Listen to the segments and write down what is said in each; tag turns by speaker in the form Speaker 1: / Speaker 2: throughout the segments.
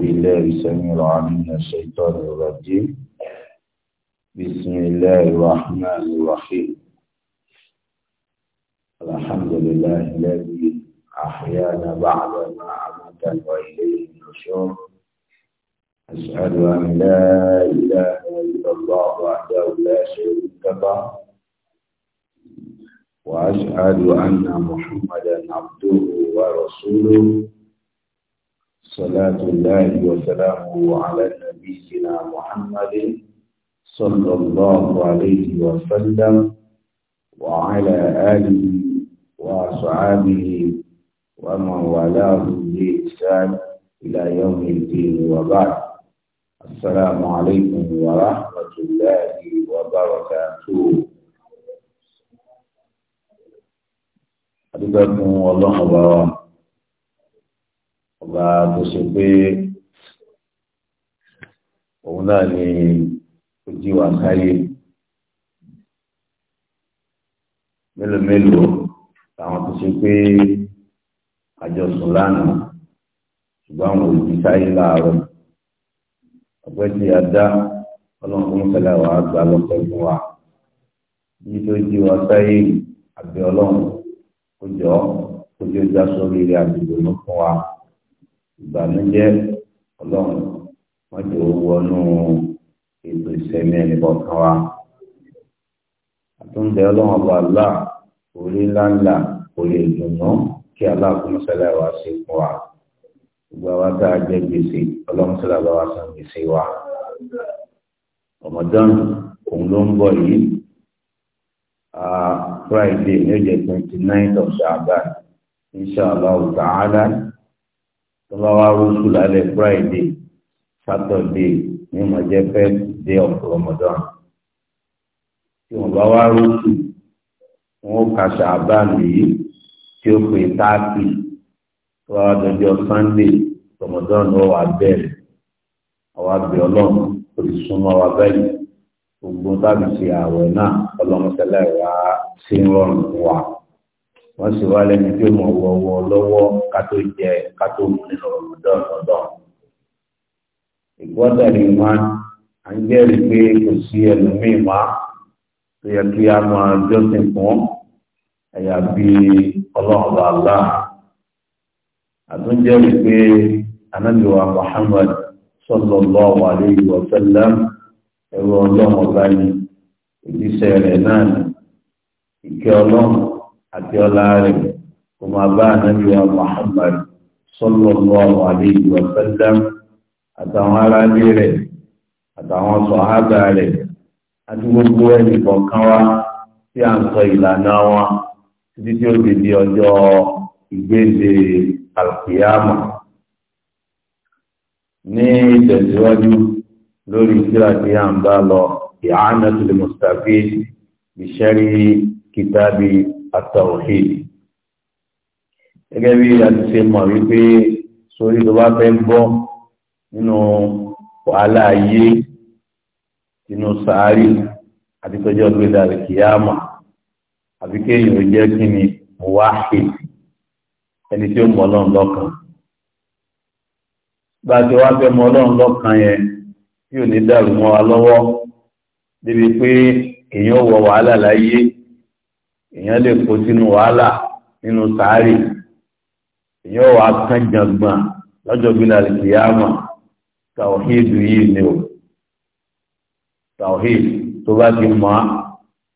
Speaker 1: بالله سميع العليم من الشيطان الرجيم بسم الله الرحمن الرحيم الحمد لله الذي أحيانا بعد ما عمد وإليه النشور أشهد أن لا إله إلا الله وحده لا شريك له وأشهد أن محمدا عبده ورسوله صلاة الله وسلامه على نبينا محمد صلى الله عليه وسلم وعلى آله وأصحابه ومن والاه بإحسان إلى يوم الدين وبعد السلام عليكم ورحمة الله وبركاته أدعوكم والله وبركاته ọba tó ṣe pé òun náà ni ojú wa káyé mélòó mélòó àwọn tó ṣe pé àjọsùn lánàá ṣùgbọ́n àwọn òbí sáyé láàárọ̀ ọ̀pẹ́ tí a dá ọlọ́run fẹ́lẹ́ wà á gbà lọ́pẹ́ fún wa yìí tó jí wa sáyé àbí ọlọ́run kó jọ kó jọ já sórí ilé àdúgbò ló fún wa ìbànújẹ́ ọlọ́run wọ́n jò ó wọnú ètò ìsẹ̀mí ẹnìkọ̀ọ̀kan wa. àtúndẹ ọlọ́run ọba àlá orí ńláńlá oyè ìdùnnú kí aláàkúnṣẹlẹ wa ṣe fún wa gbogbo àwa tá a jẹ gbèsè ọlọ́run ṣẹlẹ̀ bá san gbèsè wa. ọmọdán òun ló ń bọ̀ yìí Friday ní ọjọ́ twenty nine of Shaban inshallah ta'ala tọ́ba wa rúṣù lálẹ́ friday saturday ní ìmọ̀jẹ́ first day of ramadan tí wọ́n bá wá rúṣù wọ́n kà ṣàbàn yìí tí ó pè táàkì tọ́ba wa dọjọ́ sunday ramadan ló wà bẹ́ẹ̀ àwa bẹ̀ ọlọ́run kò sì súnmọ́ wa báyìí gbogbo tábì ṣe ààwẹ̀ náà ọlọ́mọtẹ́lẹ̀ wá sí rọrùn fún wa wọ́n sì wá lẹ́ni tí ó mọ̀ wọ́wọ́ kátó jẹ kátó mu nínú ọdún ọdún. ìgbọ́dọ̀ ni wọn à ń jẹ́rìí pé kò sí ẹlòmíì wá tó yẹ kí a máa jọ́sìn fún ẹ̀yà bíi ọlọ́run bàbá àtúnjẹ́rìí pé anábìwá Muhammad sallallahu alayhi wa sallam ẹ̀rọ ọlọ́run ọ̀gá ni ìdíṣẹ́ rẹ̀ náà ni ìkẹ́ ọlọ́run àti ọlá rẹ̀. وما بان نبي محمد صلى الله عليه وسلم àtàwọn ará ilé rẹ̀ àtàwọn sọ̀hábà rẹ̀ àti gbogbo ẹnì kọ̀ọ̀kan wa tí a ń sọ ìlànà wọn títí tí ó fi di ọjọ́ ìgbéde alkiyama ní ìtẹ̀síwájú lórí ìṣúra tí a ń bá lọ ìhánà tó lè mustafid bi sharhi kitabi at-tawhid gẹ́gẹ́ bí a ti ṣe mọ̀ wípé sórí tó bá fẹ́ bọ́ nínú wàhálà ayé nínú sàárì àti tọ́jú ọdún ìdàrí kìyàmà àbí kéèyàn jẹ́ kí ni wáhì ẹni tí ó mọ̀ ọlọ́run lọ́kàn bá ti wá fẹ́ mọ̀ ọlọ́run lọ́kàn yẹn tí ò ní dàrú mọ́ wa lọ́wọ́ débi pé èèyàn wọ wàhálà láyé èèyàn lè kó sínú wàhálà nínú sàárì yóò wá kán jàngbọ̀n lọ́jọ́ gbìlà kìyàmà tawhid yìí ni o tawhid tó bá ti mọ̀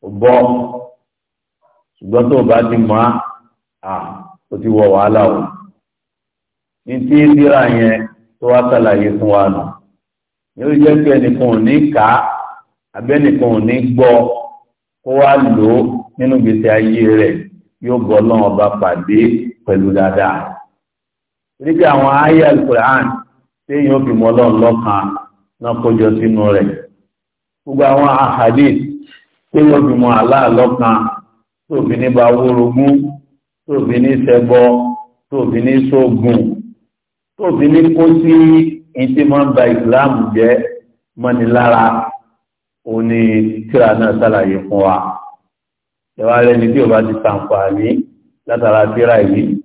Speaker 1: ó bọ́ ṣùgbọ́n tó bá ti mọ̀ á ó ti wọ wàhálà o ní tí ìdíra yẹn tó wá ṣàlàyé fún wa nù yóò jẹ́ pé ẹnìkan ò ní kà á abẹ́nìkan ò ní gbọ́ kó wá lò ó nínú gbèsè ayé rẹ̀ yóò bọ́ lọ́wọ́ bá pàdé pẹ̀lú dáadáa torí pé àwọn ayé alukur'an téèyàn fi mọ ọlọ́run lọ́kàn náà kójọ sínú rẹ̀ gbogbo àwọn ahadith téèyàn fi mọ Allah lọ́kàn tóbi ní bá wórogún tóbi ní ṣẹbọ tóbi ní sógun tóbi ní kó sí ìtí máa ń ba jẹ́ mọ́ni lára òní tíra náà ṣàlàyé fún wa ìwà rẹ̀ ni bí o bá ti ṣàǹfààní látara tíra yìí.